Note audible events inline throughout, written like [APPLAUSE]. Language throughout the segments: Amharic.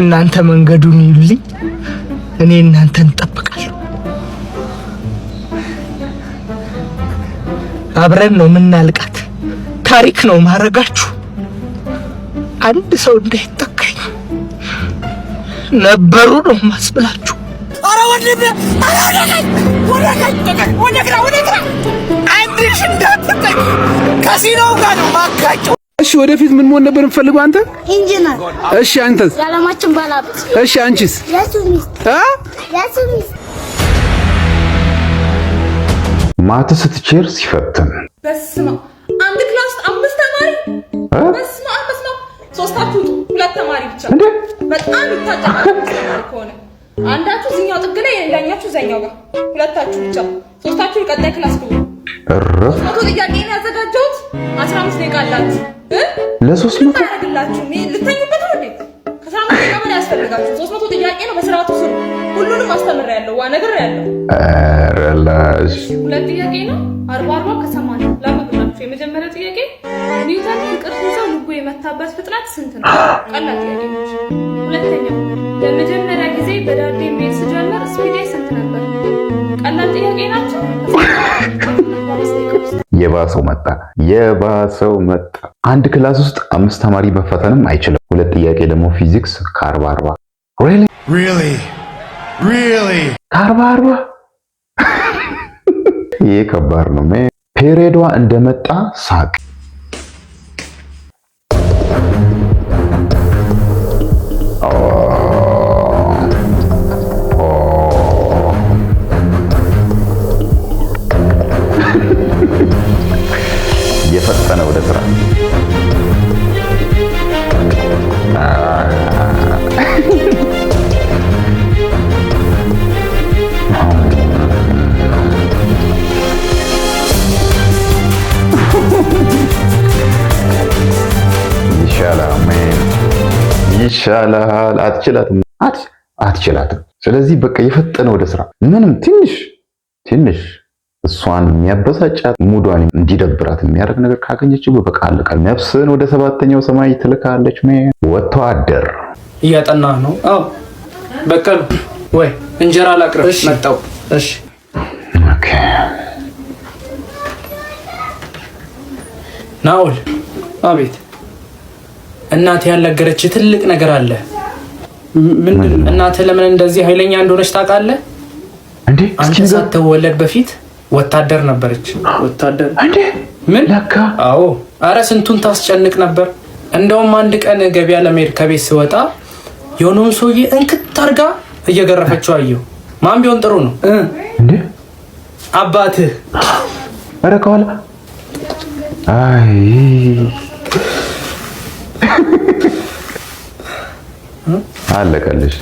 እናንተ መንገዱን ይልኝ፣ እኔ እናንተን እንጠብቃለሁ። አብረን ነው የምናልቃት። ታሪክ ነው ማረጋችሁ። አንድ ሰው እንዳይተካኝ ነበሩ ነው ማስብላችሁ። ኧረ ወንድም፣ ኧረ ወንድም፣ ወንድም፣ ወንድም፣ ወንድም፣ ወደ አንድ ሺህ እንዳትጠኝ ከሲኖ ጋር ነው ማጋጨው እሺ፣ ወደፊት ምን መሆን ነበር የምፈልገው አንተ? ኢንጂነር። እሺ፣ አንተስ? የዓለማችን ባለሀብት። እሺ፣ አንቺስ? የሱ ሚስት አ የሱ ሚስት ማትስ ቲቸር ሲፈትን በስማ አንድ ክላስ አምስት ተማሪ በስማ በስማ ሶስታችሁ ሁለት ተማሪ ብቻ እንዴ! በጣም ይታጫጫል ከሆነ አንዳችሁ እዚህኛው ጥግ ላይ ሌላኛችሁ እዚያኛው ጋር ሁለታችሁ ብቻ ሶስታችሁ ቀጣይ ክላስ ነው። እረ መቶ ጥያቄ ነው ያዘጋጀሁት። አስራ አምስት ደቂቃ አላት። ለሶስት መቶ ታደርግላችሁ ልተኙበት ነው እንዴ? ከስራ መቀበል ያስፈልጋችሁ። ሶስት መቶ ጥያቄ ነው። በስርዓቱ ስሩ። ሁሉንም አስተምር ያለው ዋ ነገር ያለው ሁለት ጥያቄ ነው። አርባ አርባ ከሰማንያ ላመግናችሁ። የመጀመሪያ ጥያቄ ኒውተን ፍቅር ሲይዘው ልቡ የመታበት ፍጥነት ስንት ነው? ቀላል ጥያቄ ነች። ሁለተኛው ለመጀመሪያ ጊዜ በዳዴ ቤት ስጀምር ስፒዴ ስንት ነበር? ቀላል ጥያቄ ናቸው። የባሰው መጣ የባሰው መጣ። አንድ ክላስ ውስጥ አምስት ተማሪ መፈተንም አይችልም። ሁለት ጥያቄ ደግሞ ፊዚክስ ከአርባ አርባ ከአርባ አርባ ይህ ከባድ ነው። ፔሬዷ እንደመጣ ሳቅ ይሻላል። አትችላትም፣ አትችላትም። ስለዚህ በቃ የፈጠነ ወደ ስራ ምንም ትንሽ ትንሽ እሷን የሚያበሳጫት ሙዷን እንዲደብራት የሚያደርግ ነገር ካገኘች በቃ አለቀ። ነፍስን ወደ ሰባተኛው ሰማይ ትልካለች። ሜ ወጥቶ አደር እያጠና ነው? አዎ በቀሉ ወይ እንጀራ ላቅርብ መጣው። እሺ ናውል። አቤት እናት ያልነገረች ትልቅ ነገር አለ። ምንድን እናት ለምን እንደዚህ ኃይለኛ እንደሆነች ታውቃለህ? አንቺ ሳትወለድ በፊት ወታደር ነበረች። ወታደር ምን? አዎ፣ አረ ስንቱን ታስጨንቅ ነበር። እንደውም አንድ ቀን ገበያ ለመሄድ ከቤት ስወጣ የሆነውን ሰውዬ እንክት አድርጋ እየገረፈችው አየሁ። ማን ቢሆን ጥሩ ነው እንዴ? አባትህ። አረ ከኋላ አይ አለቀልሽ።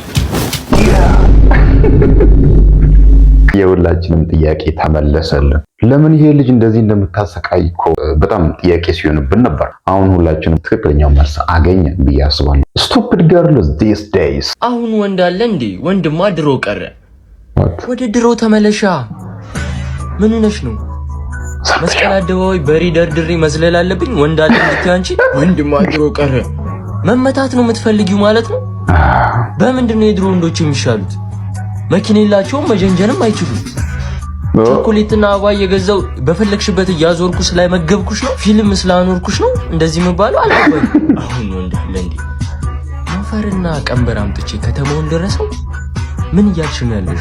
የሁላችንም ጥያቄ ተመለሰልን። ለምን ይሄ ልጅ እንደዚህ እንደምታሰቃይ እኮ በጣም ጥያቄ ሲሆንብን ነበር። አሁን ሁላችንም ትክክለኛው መልስ አገኘ ብዬ አስባለሁ። ስቱፒድ ገርልስ ዲስ ዴይስ። አሁን ወንድ አለ እንዴ? ወንድማ ድሮ ቀረ። ወደ ድሮ ተመለሻ። ምን ነሽ ነው መስቀል አደባባይ በሪ ደርድሪ መዝለል አለብኝ? ወንድ አለ እንድትይ አንቺ? ወንድማ ድሮ ቀረ። መመታት ነው የምትፈልጊው ማለት ነው በምንድን ነው የድሮ ወንዶች የሚሻሉት? መኪና የላቸውም፣ መጀንጀንም አይችሉም። ቸኮሌትና አበባ እየገዛው በፈለግሽበት እያዞርኩ ስላመገብኩሽ ነው፣ ፊልም ስላኖርኩሽ ነው እንደዚህ የሚባለው አልገባኝ። አሁን ወንድ ለንዲ አፈርና ቀንበር አምጥቼ ከተማውን ደረሰው። ምን እያልሽ ነው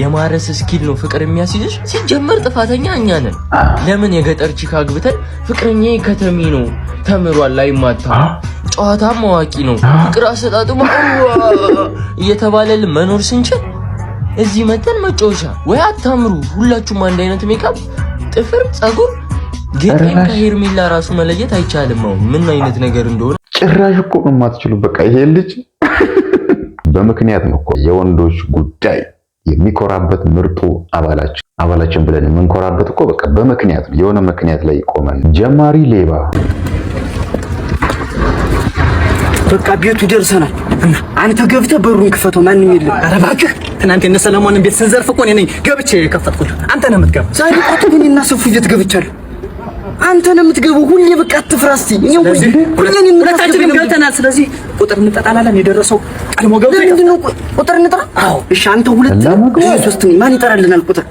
የማረስ ስኪል ነው ፍቅር የሚያስይዝሽ? ሲጀመር ጥፋተኛ እኛ ነን። ለምን የገጠር ቺካ አግብተን ፍቅረኛ ከተሜ ነው ተምሯል ላይ ማታ ጨዋታም አዋቂ ነው። ፍቅር አሰጣጥሞ እየተባለል መኖር ስንችል እዚህ መተን መጫወቻ ወይ አታምሩ። ሁላችሁም አንድ አይነት ሜካፕ፣ ጥፍር፣ ጸጉር ግን ከሄርሜላ ራሱ መለየት አይቻልም። ምን አይነት ነገር እንደሆነ ጭራሽ እኮ የማትችሉ በቃ ይሄ ልጅ [LAUGHS] በምክንያት ነው እኮ የወንዶች ጉዳይ የሚኮራበት ምርጡ አባላችን አባላችን ብለን የምንኮራበት እኮ በቃ በምክንያት ነው። የሆነ ምክንያት ላይ ይቆመን ጀማሪ ሌባ በቃ ቤቱ ደርሰናል። አንተ ገብተህ በሩን ክፈተው፣ ማንም የለም። ኧረ እባክህ ትናንት የነ ሰለሞንን ቤት ስንዘርፍ እኮ እኔ ነኝ ገብቼ የከፈትኩት። አንተ ነው የምትገባው። ዛሬ ቆጥ ግን እና ሰፉ ቤት ገብቻለሁ። አንተ ነው የምትገባው። ሁሌ በቃ አትፍራ እኛ እኔ ሁሌ ሁሌን ሁለታችንም ገብተናል። ስለዚህ ቁጥር እንጠጣላለን። የደረሰው ቀድሞ ገብቶ ምንድን ነው ቁጥር እንጥራ። አዎ እሺ። አንተ ሁለት ሶስት ማን ይጠራልናል ቁጥር?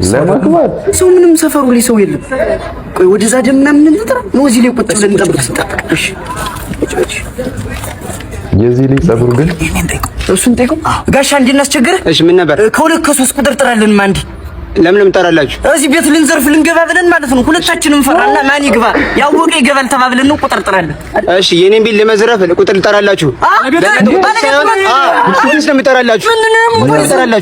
ሰው ምንም ሰፈሩ ላይ ሰው የለም። ቆይ ወደዛ ደምና ምን እንጥራ ነው እዚህ ላይ ቁጥር እሺ እሺ የዚህ ልጅ ጸጉር ግን እሱን ጠይቁ ጋሻ እንድናስቸግር። እሺ ምን ነበር? ከሁለት ከሶስት ቁጥር ጥራለን ማንዲ ለምን እምጠራላችሁ? እዚህ ቤት ልንዘርፍ ልንገባ ብለን ማለት ነው። ሁለታችንም ፈራና ማን ይግባ ያወቀ ይገባል ተባብለን ነው ቁጥር ጥራለን እሺ የኔን ቢል ለመዝረፍ ቁጥር ጥራላችሁ። አቤት ባለጋራ ነው። ምን ነው ምን ነው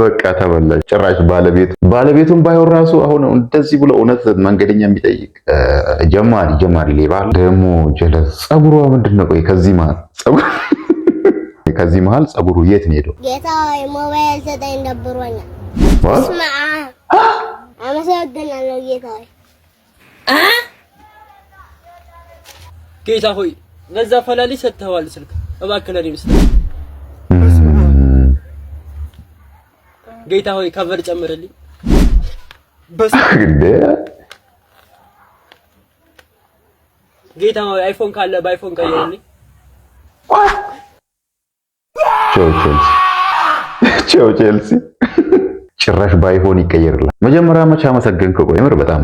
በቃ ተበላሽ። ጭራሽ ባለቤቱ ባለቤቱን ባይሆን ራሱ አሁን እንደዚህ ብሎ እውነት መንገደኛ የሚጠይቅ ጀማሪ ጀማሪ ሌባ ደግሞ ጀለስ። ጸጉሯ ምንድን ነው? ቆይ ከዚህ [LAUGHS] ከዚህ መሀል ጸጉሩ የት ነው ሄደው? ጌታ ሆይ ለዛ ፈላሊ ሰጥተዋል ስልክ እባክህ ለኔ ምስል ጌታ ሆይ ከቨር ጨምርልኝ። ጌታ ሆይ አይፎን ካለ በአይፎን ቀይርልኝ። ቼልሲ ጭራሽ ባይሆን ይቀየርላል። መጀመሪያ መቼ አመሰገንከው? ቆይ ምር በጣም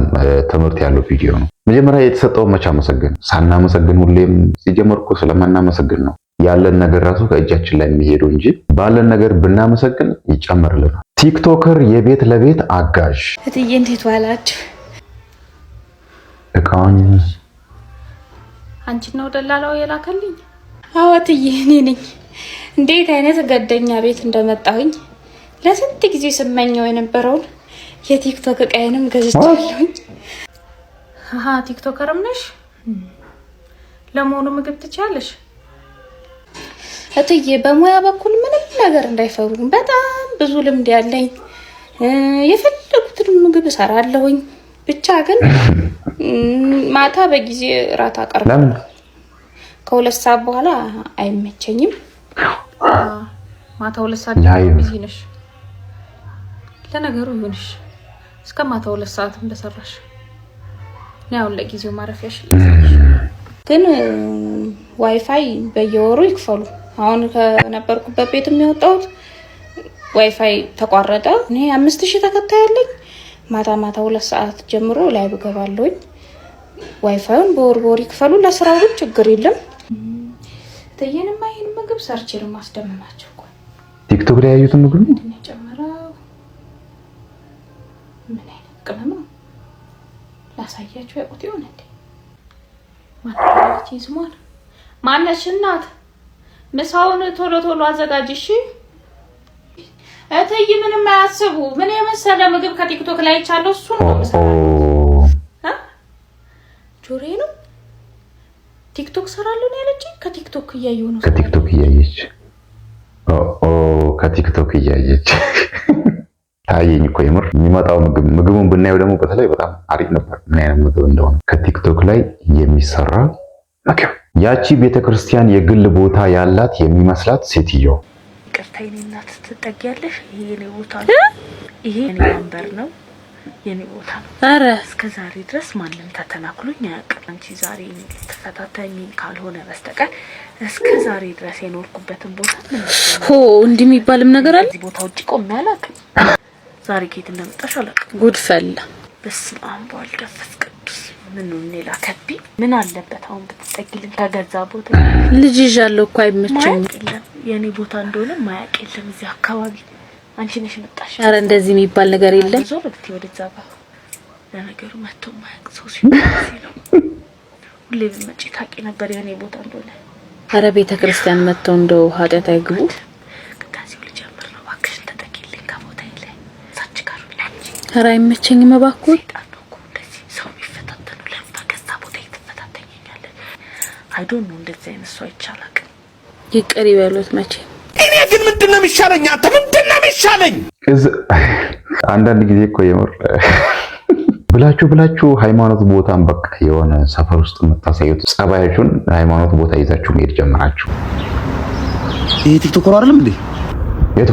ትምህርት ያለው ቪዲዮ ነው። መጀመሪያ የተሰጠውን መቼ አመሰገን? ሳናመሰግን ሁሌም ሲጀመር እኮ ስለማናመሰግን ነው ያለን ነገር ራሱ ከእጃችን ላይ የሚሄደው እንጂ ባለን ነገር ብናመሰግን ይጨምርልናል። ቲክቶከር የቤት ለቤት አጋዥ እትዬ እንዴት ዋላችሁ? እቃውን አንቺ ነው ደላላው የላከልኝ? አዎ እትዬ እኔ ነኝ። እንዴት አይነት ገደኛ ቤት እንደመጣሁኝ ለስንት ጊዜ ስመኘው የነበረውን የቲክቶክ እቃዬንም ገዝቻለሁኝ። አሃ ቲክቶከርም ነሽ? ለመሆኑ ምግብ ትችያለሽ? እትዬ በሙያ በኩል ምንም ነገር እንዳይፈሩኝ በጣም ብዙ ልምድ ያለኝ የፈለጉትን ምግብ እሰራለሁኝ። ብቻ ግን [CLEARS THROAT] ማታ በጊዜ እራት አቀርብ። ከሁለት ሰዓት በኋላ አይመቸኝም። ማታ ሁለት ሰዓት ጊዜ ነሽ። ለነገሩ ይሁንሽ፣ እስከ ማታ ሁለት ሰዓት እንደሰራሽ እኔ ለጊዜው ማረፊያሽ ግን ዋይፋይ በየወሩ ይክፈሉ። አሁን ከነበርኩበት ቤት የሚወጣሁት ዋይፋይ ተቋረጠ። እኔ አምስት ሺህ ተከታይ ያለኝ ማታ ማታ ሁለት ሰዓት ጀምሮ ላይ ብገባለሁኝ። ዋይፋዩን በወር በወር ይክፈሉ ለስራው ግን ችግር የለም። ትየንማ ይህን ምግብ ሰርቼ ነው ማስደምናቸው። ቲክቶክ ላይ ያዩትን ምግብ ጨምረው ምን አይነት ቅመም ነው ላሳያቸው። ያቁት ይሆን እንዴ? ማናለች ይዝሟል ማነች እናት ምሳውን ቶሎ ቶሎ አዘጋጅ እሺ። እትይ ምንም አያስቡ። ምን የመሰለ ምግብ ከቲክቶክ ላይ ይቻለው እሱ ነው መሰለ ጆሬ ነው ቲክቶክ ሰራለሁ ነው ያለች። ከቲክቶክ እያየሁ ነው ከቲክቶክ እያየች ከቲክቶክ እያየች ታየኝ እኮ የምር የሚመጣው ምግብ ምግቡን ብናየው ደግሞ በተለይ በጣም አሪፍ ነበር። ምን አይነት ምግብ እንደሆነ ከቲክቶክ ላይ የሚሰራ ምግብ ያቺ ቤተ ክርስቲያን የግል ቦታ ያላት የሚመስላት ሴትዮ ይቅርታ፣ የኔ እናት ትጠጊያለሽ። ይሄ የኔ ቦታ ነው። ይሄ የኔ ወንበር ነው። የኔ ቦታ ነው። እስከ ዛሬ ድረስ ማንም ተተናክሎኝ አያውቅም። አንቺ ዛሬ ካልሆነ በስተቀር እስከ ዛሬ ድረስ የኖርኩበትን ቦታ ሆ እንዲህ የሚባልም ነገር አለ። ቦታ ውጭ ቆሜ አላውቅም። ዛሬ እንደመጣሽ አላውቅም። ጉድ ፈላ። በስመ አብ ወወልድ ወመንፈስ ምን ላከብኝ ምን አለበት አሁን ብትጠጊልኝ ከገዛ ቦታ ልጅ ይዣለሁ እኮ አይመቸኝም የእኔ ቦታ እንደሆነ ማያቅ የለም እዚህ አካባቢ አንቺ ነሽ መጣሽ ኧረ እንደዚህ የሚባል ነገር የለም ዞር ብቲ ወደዛ ባ ለነገሩ መጥቶ ማያቅ ሰው ሲለው ሁሌ ብትመጪ ታውቂ ነበር የእኔ ቦታ እንደሆነ ኧረ ቤተ ክርስቲያን መጥተው እንደው ኃጢአት አይግቡ ኧረ አይመቸኝም እባክዎት አዶን ነው እንደዚህ አይነት ሰው አይቻላል። ይቅር ይበሉት መቼ እኔ ግን ምንድን ነው የሚሻለኝ? አንተ ምንድን ነው የሚሻለኝ? አንዳንድ ጊዜ እኮ የምር ብላችሁ ብላችሁ ሃይማኖት ቦታን በቃ የሆነ ሰፈር ውስጥ የምታሳዩት ጸባያችሁን ሃይማኖት ቦታ ይዛችሁ መሄድ ጀምራችሁ። ይሄ ቲክቶክ አይደለም እንዴ? የቱ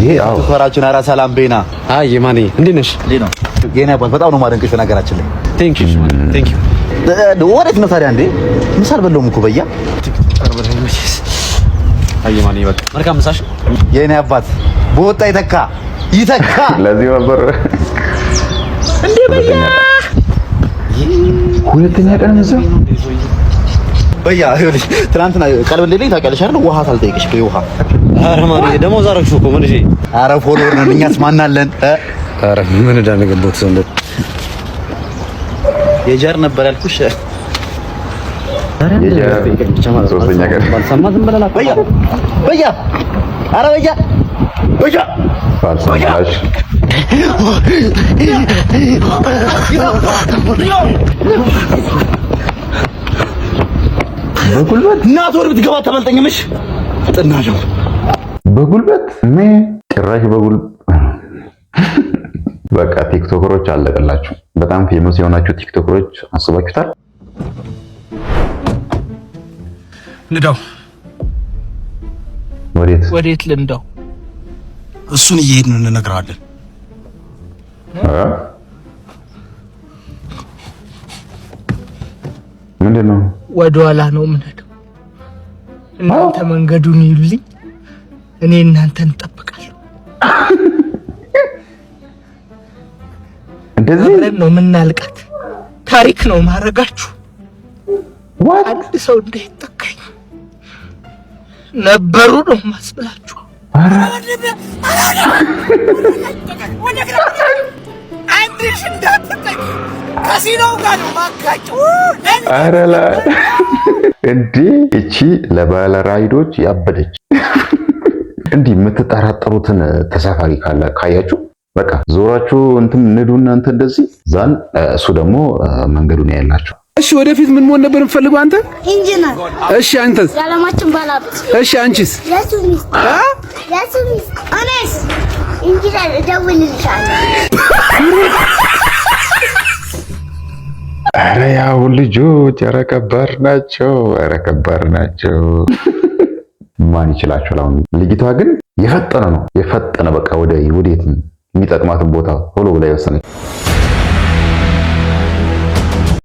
ይሄ? አዎ ቲክቶከራችን። ኧረ ሰላም ቤና። አይ የማኔ እንዴት ነሽ? በጣም ነው ማደንቅሽ። በነገራችን ላይ ቴንክ ዩ ቴንክ ዩ ወዴት ነው ታዲያ? እንዴ ምሳ አልበላሁም እኮ በያ አይማኒ በቃ መልካም ምሳሽ የኔ አባት በወጣ ይተካ ይተካ። ለዚህ ነበር እንዴ በያ ሁለተኛ ቀን ምሳ በያ ይኸውልሽ፣ ትናንትና ቀልብ እንደሌለኝ ታውቂያለሽ አይደል? ውሃ ሳልጠይቅሽ በውሃ ኧረ ማን ደግሞ ዛሬሽ እኮ ምን እሺ፣ ኧረ ፎሎወር ነን እኛስ ማናለን? ኧረ ምን እንዳነገበት ዘንድ የጃር ነበር ያልኩሽ። ሶስተኛ ቀን በጉልበት እናት ወር ብትገባ ተመልጠኝምሽ ጥናሽ በጉልበት ጭራሽ በጉልበት በቃ ቲክቶከሮች አለቀላችሁ። በጣም ፌመስ የሆናችሁ ቲክቶከሮች አስባችሁታል? ንዳው ወዴት ወዴት ልንዳው? እሱን እየሄድን እንነግራለን። ምንድን ነው? ወደኋላ ነው የምንሄደው። እናንተ መንገዱን ይሉልኝ፣ እኔ እናንተን እጠብቃለሁ። [LAUGHS] እንደዚህ ነው የምናልቃት። ታሪክ ነው ማረጋችሁ። አንድ ሰው እንዳይተካኝ ነበሩ ነው ማስብላችሁ። እንዲህ እቺ ለባለ ራይዶች ያበደች እንዲህ የምትጠራጠሩትን ተሳፋሪ ካለ ካያችሁ በቃ ዞራችሁ እንትን ንዱ እናንተ እንደዚህ ዛን እሱ ደግሞ መንገዱን ያላችሁ። እሺ ወደፊት ምን መሆን ነበር የምፈልገው አንተ? ኢንጂነር። እሺ አንተ የዓለማችን ባለሀብት። እሺ አንቺስ? ያሱሚስ አ ያሱሚስ አነስ ኢንጂነር እደውልልሻለሁ። አረ [LAUGHS] ያው ልጆች ኧረ ከባድ ናቸው፣ ኧረ ከባድ ናቸው። [LAUGHS] ማን ይችላቸዋል? አሁን ልጅቷ ግን የፈጠነ ነው የፈጠነ በቃ ወደ ወዴት የሚጠቅማትን ቦታ ቶሎ ብላ የወሰነች